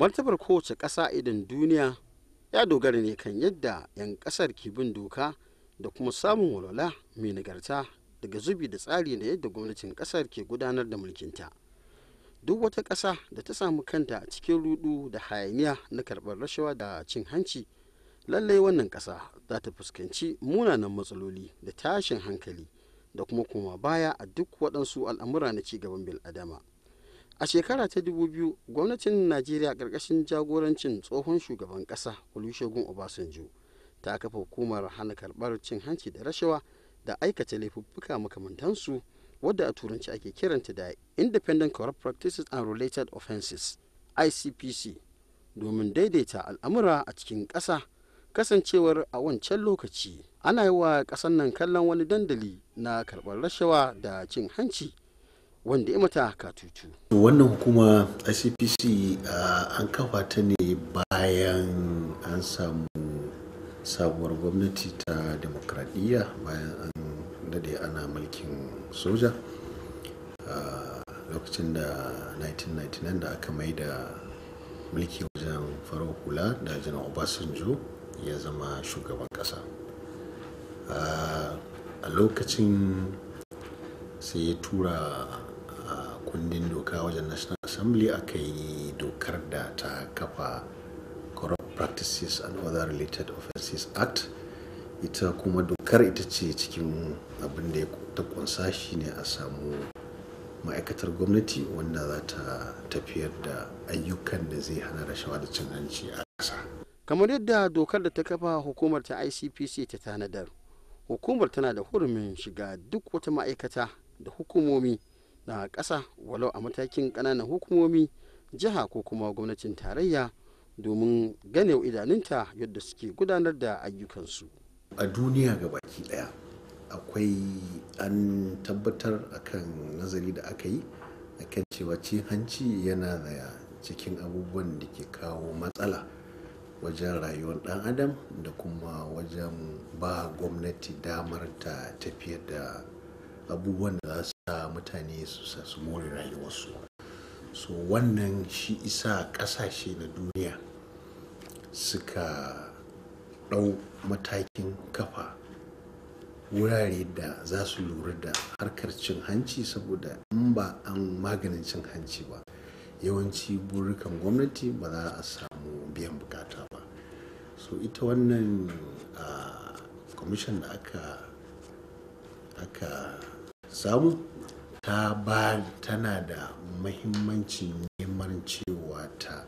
martabar kowace ƙasa idan duniya ya dogara ne kan yadda 'yan ƙasar ke bin doka da kuma samun walwala mai nagarta daga zubi da tsari na yadda gwamnatin ƙasar ke gudanar da mulkinta duk wata ƙasa da ta samu kanta a cikin rudu da hayaniya na karɓar rashawa da cin hanci lallai wannan ƙasa za ta fuskanci munanan matsaloli da tashin hankali da kuma koma baya a duk waɗansu al'amura na cigaban bil'adama. a shekara ta dubu biyu gwamnatin najeriya ƙarƙashin jagorancin tsohon shugaban ƙasa olusegun obasanjo ta kafa hukumar hana karɓar cin hanci da rashawa da aikata laifuffuka makamantansu wadda a turanci ake kiranta da independent corrupt practices and related offenses icpc domin daidaita al'amura a cikin ƙasa kasancewar a wancan lokaci ana yi wa ƙasar nan kallon wani dandali na karɓar rashawa da cin hanci wanda ya mata tutu. wannan hukuma icpc an kafa ta ne bayan an samu sabuwar gwamnati ta demokradiyya bayan an dade ana mulkin soja lokacin da 1999 da aka mai da mulki wajen farar hula da janar obasanjo ya zama shugaban kasa a lokacin sai ya tura kundin doka wajen national assembly aka yi dokar da ta kafa corrupt practices and other related offenses act ita kuma dokar ita ce cikin abin da ta kunsa shi ne a samu ma'aikatar gwamnati wanda za ta tafiyar da ayyukan da zai hana rashawa da cin hanci a ƙasa kamar yadda dokar da ta kafa hukumar ta icpc ta tanadar hukumar tana da hurumin shiga duk wata ma'aikata da hukumomi na ƙasa walau a matakin ƙananan hukumomi jiha ko kuma gwamnatin tarayya domin gane idanunta yadda suke gudanar da ayyukansu a duniya ga baki daya akwai an tabbatar akan nazari da aka yi akan cewa cin hanci yana da cikin abubuwan da ke kawo matsala wajen rayuwar dan adam da kuma wajen ba gwamnati damar ta tafiyar da abubuwan da za su mutane su su more rayuwarsu so wannan shi isa ƙasashe na duniya suka ɗau matakin kafa wurare da za su lura da harkar cin hanci saboda in ba an maganin cin hanci ba yawanci burukan gwamnati ba za a samu biyan bukata ba so ita wannan kwamishin da aka samu ta ba tana da mahimmancin neman cewa ta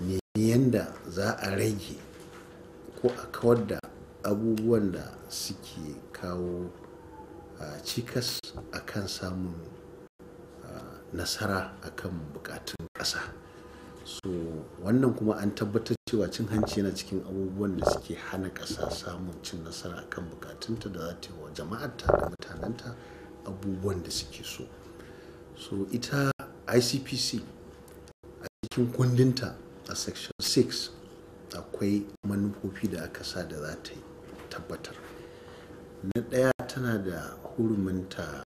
ne yanda za a rage ko a kawar da abubuwan da suke kawo cikas akan samun nasara kan bukatun ƙasa so wannan kuma an tabbatar cewa cin hanci yana cikin abubuwan da suke hana ƙasa samun cin nasara akan bukatunta da za ta yi wa jama'arta da mutanenta abubuwan da suke so so ita icpc a cikin kundinta a section 6 akwai manufofi da aka sa da za ta yi tabbatar na ɗaya tana da huruminta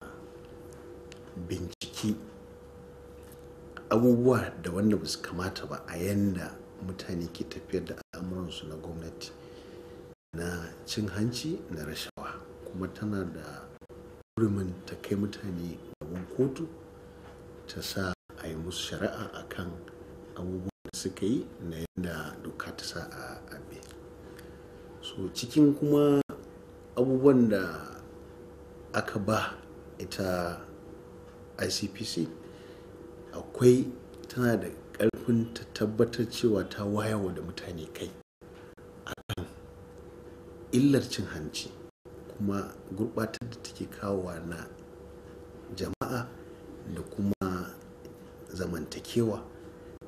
binciki abubuwa da wanda ba su kamata ba a yanda mutane ke tafiyar da al'amuransu na gwamnati na cin hanci na rashawa kuma tana da hurumin ta kai mutane gaban kotu ta sa a yi musu shari'a a kan abubuwan da suka yi na yadda doka ta sa a abe so cikin kuma abubuwan da aka ba ita icpc akwai tana da ƙarfin ta tabbatar cewa ta wayawa da mutane kai akan illar cin hanci kuma gurɓatar da take kawowa na jama'a da kuma zamantakewa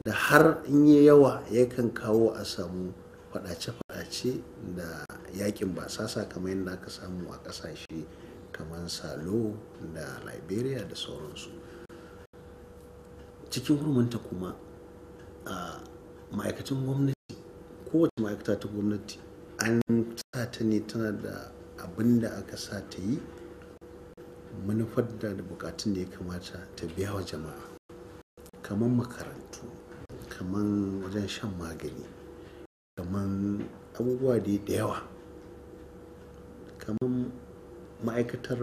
da har in yi yawa yakan kawo a samu faɗace-faɗace da yakin basasa kamar yadda aka samu a ƙasashe kamar salo da liberia da sauransu cikin hurmanta kuma a ma'aikatan gwamnati kowace ma'aikata ta gwamnati an sa ta ne tana da abin da aka sa ta yi manufar da bukatun da ya kamata ta biya wa jama'a kamar makarantu kamar wajen shan magani kamar abubuwa da yawa kamar ma'aikatar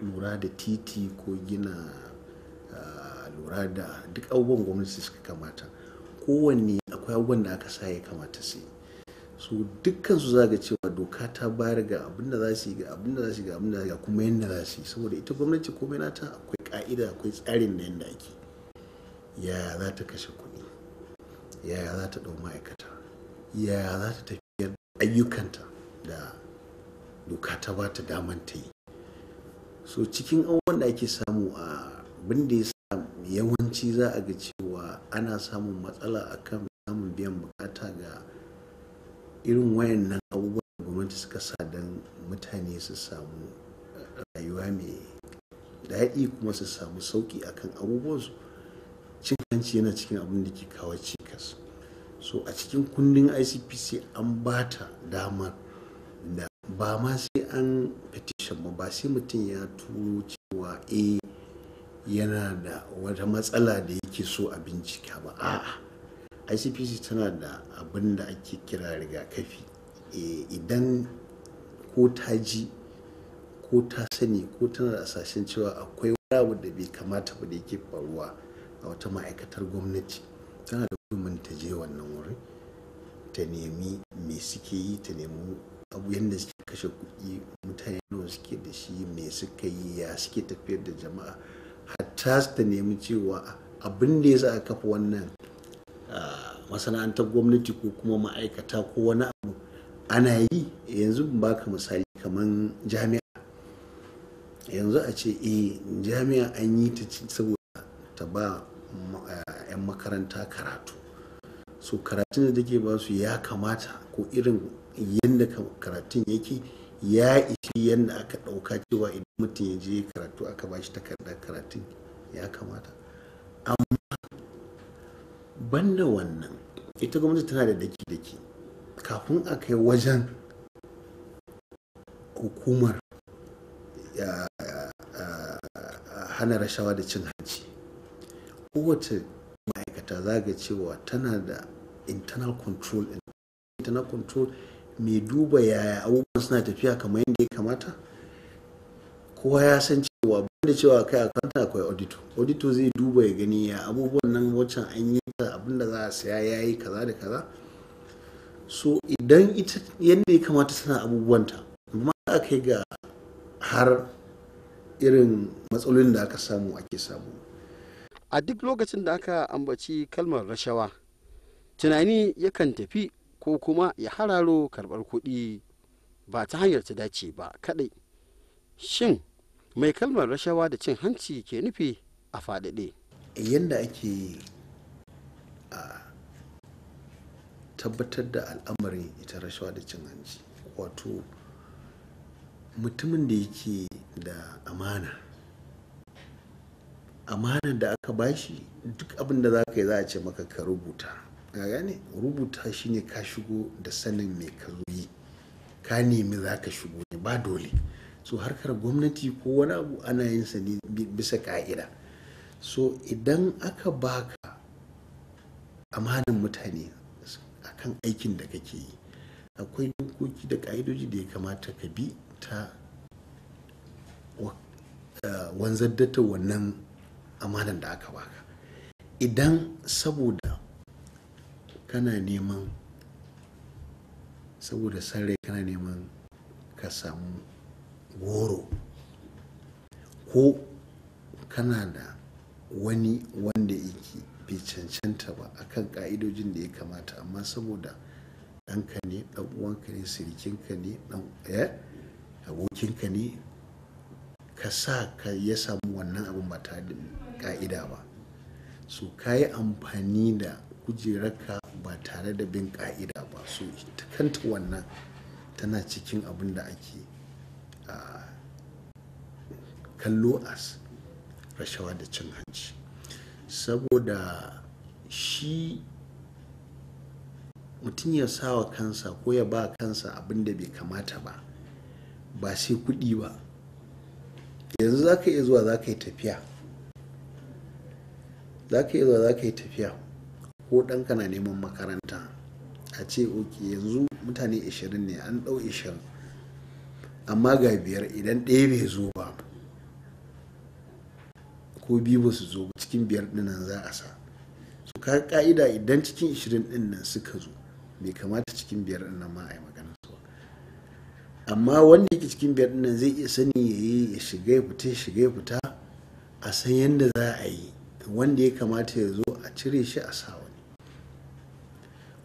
lura da titi ko gina ah, lura da duk abubuwan gwamnati suka kamata kowanne akwai abubuwan da aka sa ya kamata sai. Su dukkansu za ga cewa doka ta bayar ga abin da za su yi ga abin za su yi ga abin da ga kuma yadda za su yi saboda ita gwamnati komai nata akwai ka'ida akwai tsarin da yadda ake yaya za ta kashe kuɗi yaya za ta ɗau ma'aikata yaya za ta tafiyar ayyukanta da doka ta ba ta daman ta yi so cikin abubuwan da ake samu a abin da ya yawanci za a ga cewa ana samun matsala akan samun biyan bukata ga irin wayannan abubuwan da gwamnati suka sa don mutane su samu rayuwa mai daɗi kuma su samu sauƙi kan abubuwansu cin hanci yana cikin abin da ke kawo cikas so a cikin kundin icpc an ba ta damar da ba ma sai an petition ba ba sai mutum ya turo cewa eh yana da wata matsala da yake so a bincika ba a'a icpc tana da abin da ake kira rigakafi eh, idan ko ta ji ko ta sani ko tana da asashen cewa akwai wani da bai kamata ba da yake faruwa a wata ma'aikatar gwamnati tana da gudumin ta je wannan wuri ta nemi me suke yi ta nemi abu yadda suke kashe kuɗi mutane nawa suke da shi me suka yi ya suke tafiyar da jama'a hatta ta nemi cewa abin da ya sa a kafa wannan masana'antar gwamnati ko kuma ma'aikata ko wani abu ana yi yanzu ba ka misali kamar jami'a yanzu a ce eh jami'a an yi ta saboda ta ba eh, 'yan makaranta karatu so karatun da take ba su ya kamata ko irin yadda karatun yake ya ishi yadda aka ɗauka cewa idan mutum ya je karatu aka ba shi takardar karatun ya kamata amma banda wannan ita gwamnati tana da daki-daki kafin a kai wajen hukumar hana rashawa da cin hanci kowace ma'aikata zaga cewa tana da internal control internal control mai duba yaya abubuwan suna tafiya kamar yadda ya kamata kowa ya san da cewa kai akanta akwai audito audito zai duba ya gani ya abubuwan nan waccan an yi ta abin da za a saya ya yi kaza da kaza so idan ita yadda ya kamata tana abubuwanta amma a kai ga har irin matsalolin da aka samu ake samu a duk lokacin da aka ambaci kalmar rashawa tunani yakan tafi ko kuma ya hararo karbar kuɗi ba ta hanyar ta dace ba kaɗai shin mai kalmar rashawa da cin hanci ke nufi a faɗaɗe. yadda ake a tabbatar da al'amarin ita rashawa da cin hanci wato mutumin da yake da amana amanar da aka bashi duk abin da za ka yi za a ce maka ka rubuta ga gane rubuta shine ka shigo da sanin mai ka ka nemi za ka shigo ne ba dole so harkar gwamnati ko wani abu ana yin sa ne bisa ka'ida so idan aka baka amanan mutane akan aikin da kake yi akwai dokoki da ka'idoji da ya kamata ka bi ta eh, wanzar da wannan amanan da aka baka idan saboda kana neman saboda sarrai kana neman ka samu goro ko kana da wani wanda yake bai cancanta ba akan ka'idojin da ya kamata amma saboda ɗanka ne ɗan ne sirikinka ne ɗan eh, abokinka ne ka sa ka ya samu wannan abin ba tare da ka'ida ba so ka yi amfani da kujerarka ba tare da bin ka'ida ba so ta kanta wannan tana cikin abin da ake kallo a rashawa da cin hanci saboda shi mutum ya sa wa kansa ko ya ba kansa abin da bai kamata ba ba sai kudi ba yanzu za ka iya zuwa za ka yi tafiya za ka iya zuwa za ka yi tafiya ko ɗanka na neman makaranta a ce oke yanzu mutane 20 ne an ɗau 20 amma ga biyar idan ɗaya bai zo ba ko biyu ba su zo ba cikin biyar dinnan za a sa su ka ka'ida idan cikin ishirin dinnan suka zo bai kamata cikin biyar dinnan ma a yi magana su amma wanda yake cikin biyar dinnan zai iya sani ya yi ya shiga ya fita shiga ya fita a san yadda za a yi wanda ya kamata ya zo a cire shi a sa wani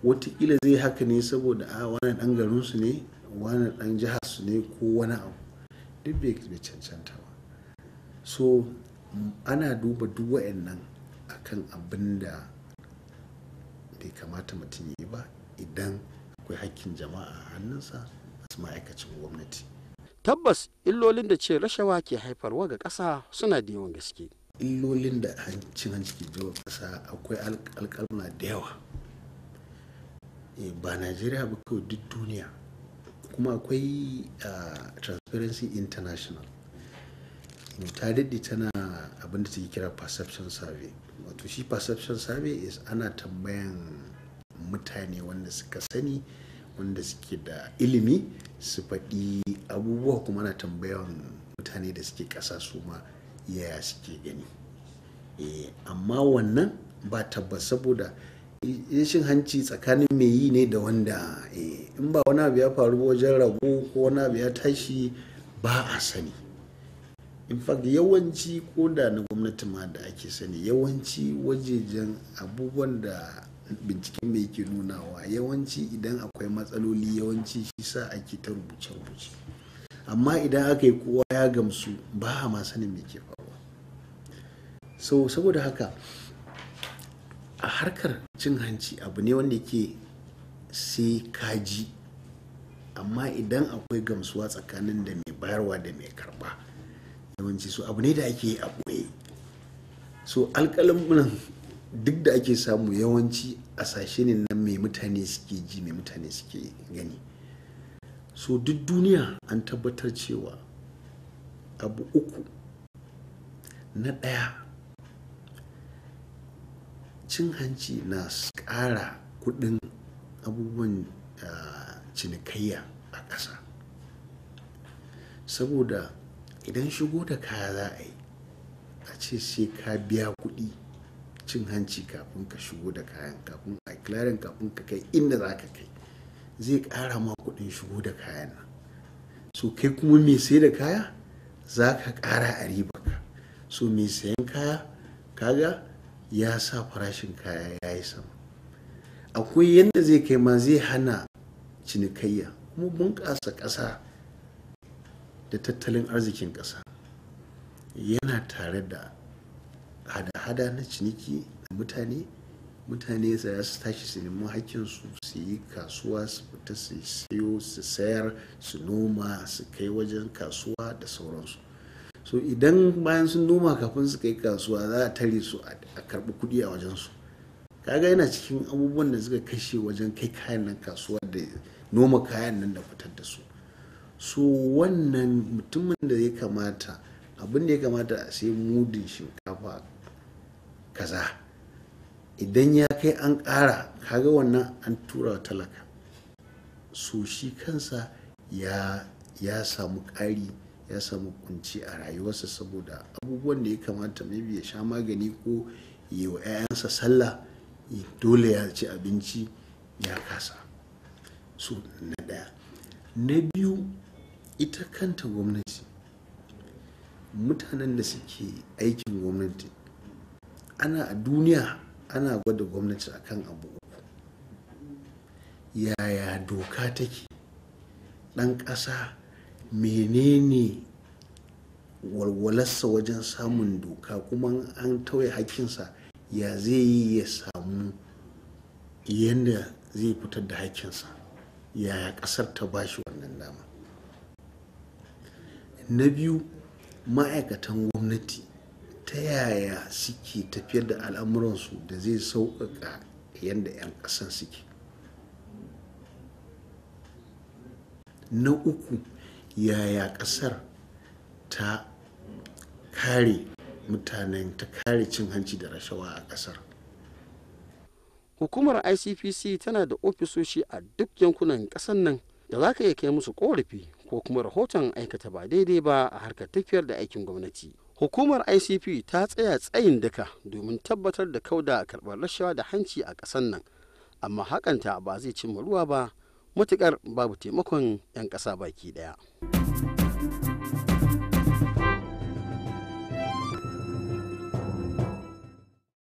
watakila zai haka ne saboda a wani ɗan garinsu ne wani ɗan jihar su ne ko wani abu duk bai cancanta ba so mm, ana duba duk wa'annan akan abin da bai kamata mutum yi ba idan akwai hakkin jama'a a hannunsa a ma'aikacin gwamnati tabbas illolin da ce rashawa ke haifarwa ga ƙasa suna da yawan gaske illolin da hancin hanci ke jawo ƙasa akwai alƙalma da yawa eh, ba najeriya ba kawai duk duniya kuma akwai ah, transparency international mm, ta daɗe tana abin da take kira perception survey wato shi perception survey is ana tambayan mutane wanda suka sani wanda suke da ilimi su faɗi abubuwa kuma ana tambayan mutane da suke ƙasa su ma yaya suke gani eh, amma wannan ba tabbas saboda Yashin hanci tsakanin mai yi ne da wanda eh, in ba wani abu ya faru wajen rabo ko wani abu ya tashi ba a sani in fact yawanci ko da na gwamnati ma da ake sani yawanci wajejen abubuwan da binciken mai ke nunawa yawanci idan akwai matsaloli yawanci shi sa ake ta rubuce-rubuce amma idan aka yi kowa ya gamsu ba a ma sanin mai ke faruwa so saboda haka a harkar cin hanci abu ne wanda ke sai kaji amma idan akwai gamsuwa tsakanin da mai bayarwa da mai karba yawanci su abu ne da ake yi a ɓoye so alƙalamin duk da ake samu yawanci a sashe ne nan mai mutane suke ji mai mutane suke gani so duk duniya an tabbatar cewa abu uku na ɗaya cin hanci na ƙara kuɗin abubuwan cinikayya a ƙasa saboda idan shigo da kaya za a yi a ce sai ka biya kuɗi cin hanci kafin ka shigo da kayan kafin a clearing kafin ka kai inda za ka kai zai ƙara ma kuɗin shigo da kayan nan so kai kuma mai sai da kaya za ka ƙara a riba ka so mai sayan kaya kaga ya sa farashin kaya ya yi sama akwai yadda zai kai ma zai hana cinikayya kuma bunƙasa ƙasa da tattalin arzikin ƙasa yana tare da hada-hada na ciniki da mutane mutane za su tashi su nemi hakkinsu su yi kasuwa su fita su siyo su sayar su noma su kai wajen kasuwa da sauransu so idan bayan sun noma kafin su kai kasuwa za a tare su a karɓi kuɗi a wajensu kaga yana cikin abubuwan da suka kashe wajen kai kayan nan kasuwa da noma kayan nan da fitar da su so wannan mutumin da ya kamata abin da ya kamata a sai mudin shinkafa kaza idan ya kai an ƙara kaga wannan an tura talaka so shi kansa ya ya samu ƙari ya samu kunci a rayuwarsa saboda abubuwan da ya kamata maybe ya sha magani ko yi wa 'ya'yansa sallah dole ya ci abinci ya kasa su na ɗaya na biyu ita kanta gwamnati mutanen da suke aikin gwamnati ana a duniya ana gwada gwamnati akan abu yaya doka take ɗan ƙasa menene walwalarsa wajen samun doka kuma an tauye hakkinsa ya zai yi ya samu yadda zai fitar da hakkinsa yaya kasar ta bashi wannan dama na biyu ma'aikatan gwamnati ta yaya suke tafiyar da al'amuransu da zai sauƙaƙa yadda 'yan ƙasan suke na uku yaya ƙasar ta kare mutanen ta kare cin hanci da rashawa a kasar. Hukumar ICPC tana da ofisoshi a duk yankunan ƙasar nan da za ka iya kai musu korafi ko kuma rahoton aikata ba daidai ba a harkar tafiyar da aikin gwamnati. Hukumar ICP ta tsaya tsayin daka domin tabbatar da kauda a karbar rashawa da hanci a ƙasar nan, amma hakanta ba zai cimma ruwa ba matukar babu taimakon 'yan ƙasa baki ɗaya.